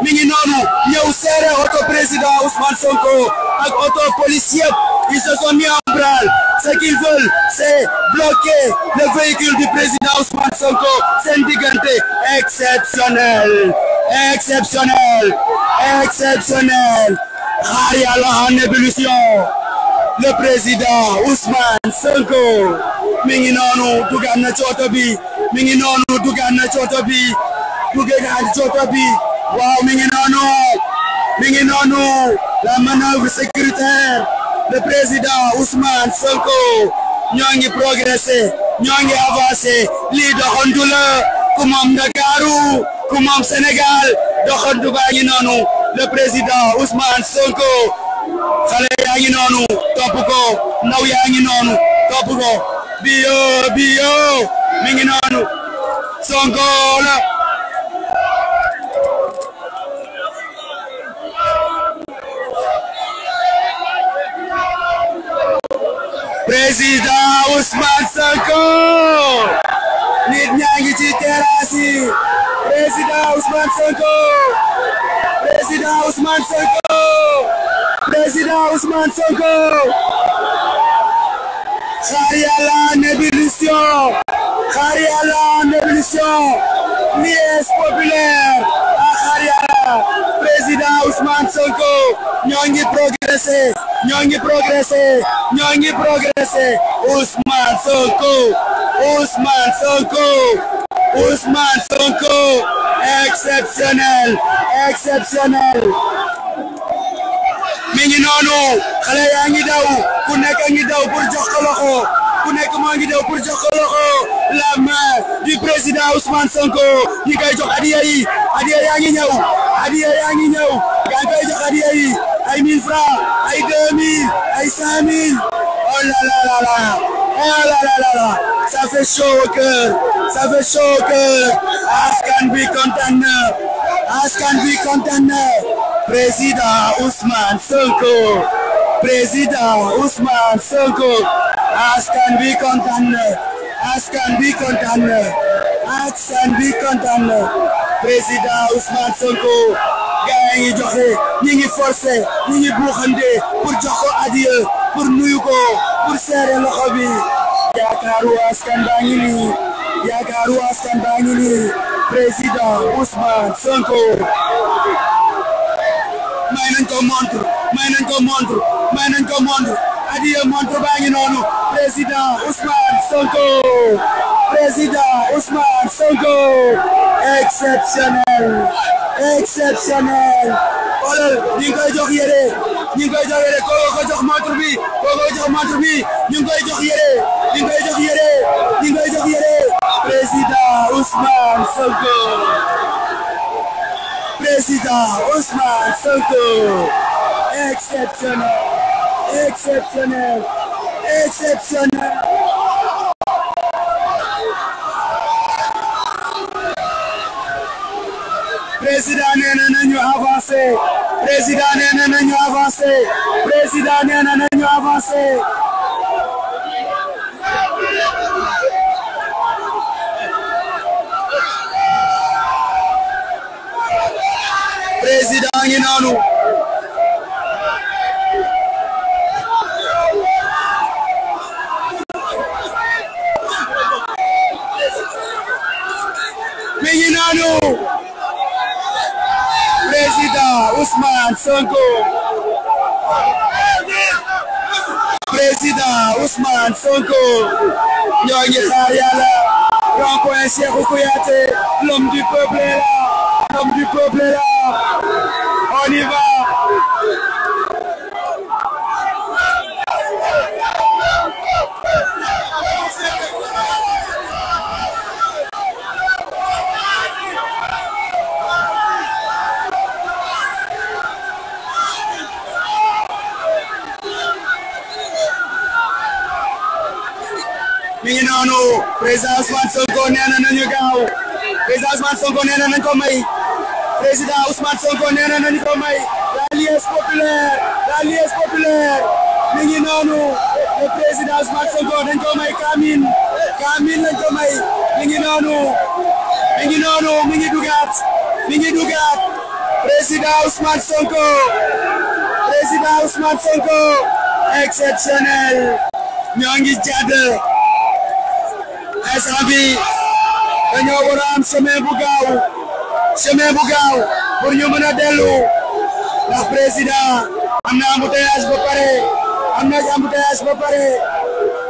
mi ngi noonu ñëw seere oto président Ousmane Sonko se sont mis ce qu'ils veulent c'est bloquer le véhicule du président Ousmane Sonko seen diggante exceptionnel exceptionnel exceptionnel en ébullition le président Ousmane Sonko mi ngi noonu dugaan na bi mi ngi noonu bi dugaan waaw mi ngi noonu mi ngi la manœuvre sécuritaire le président Ousmane Sonko ñoo ngi progresser ñoo ngi avancer lii doxantu ku moom Ndakaaru ku moom Sénégal doxantu baa ngi noonu le président Ousmane Sonko xale yaa ngi noonu topp ko ndaw yaa ngi noonu biyo biyo mi ngi Sonko président Ousmane Sonko nit ñaa ngi ci terrasse yi président Ousmane Sonko président Ousmane Sonko président Ousmane Sonko xaar yàlla en ébullition xaar yàlla en ébullition liesse populaire a ah, xaar yàlla président Ousmane Sonko ñoo ngi progresser ñoo ngi progressé ñoo ngi progressé Ousmane Sonko Ousmane Sonko Ousmane Sonko mi ngi noonu xale yaa ku nekk a ngi daw pour jox ko loxo ku nekk moo ngi daw pour jox ko loxo la main ngi ñëw adiya yaa ngi ñëw yaa ngi koy jox adiya ay 1000 francs ay 2000 ay 5000 oh là là là là oh là là là là ça fait chaud au cœur bi kontaan na askan bi kontaan na président Ousmane Sonko président Ousmane Sonko askan bi kontaan na askan bi kontaan na askan bi gaa ngi joxe ñi ngi forcé ñi ngi buuxante pour jox ko adiya pour nuyu ko pour seere loxo bi yaakaaru askan baa ngi nii yaakaaru askan baa ngi nii président Ousmane Sonko may nañ ko montre montre may nañ ko montre adiya montre baa noonu président Ousmane Sonko président Ousmane Sonko exceptionnel exceptionnel xoolal ñu ngi koy jox yére ñu ngi koy jox yére koo ko jox montre bi koo ko jox montre bi ñu ngi koy jox yére ñu ngi koy jox yére ñu ngi président nee na nañu avancer président nee na nañu avancer président nee na nañu avancer président ngi noonu mi ngi noonu Sonko président Ousmane Sonko ñoo ngi xaar yàlla rond-point Cheikhou Kouyaté l'homme du peuple est mi ngi noonu président Ousmane Sonko nee na nañu gaaw président Ousmane Sonko nee na nañu ko may président Ousmane Sonko nee na nañu ko may la liesse populaire la liesse populaire mi ngi noonu le président Ousmane Sonko dañu ko may Kamine Kamine lañu ko may mi ngi noonu mi ngi noonu mi ngi dugaat mi ngi dugaat président Ousmane Sonko président Ousmane Sonko exceptionnel ñoo ngi jàdd instant bi dañoo war a am chemin bu gaaw chemin bu am na embouteillage ba am na embouteillage ba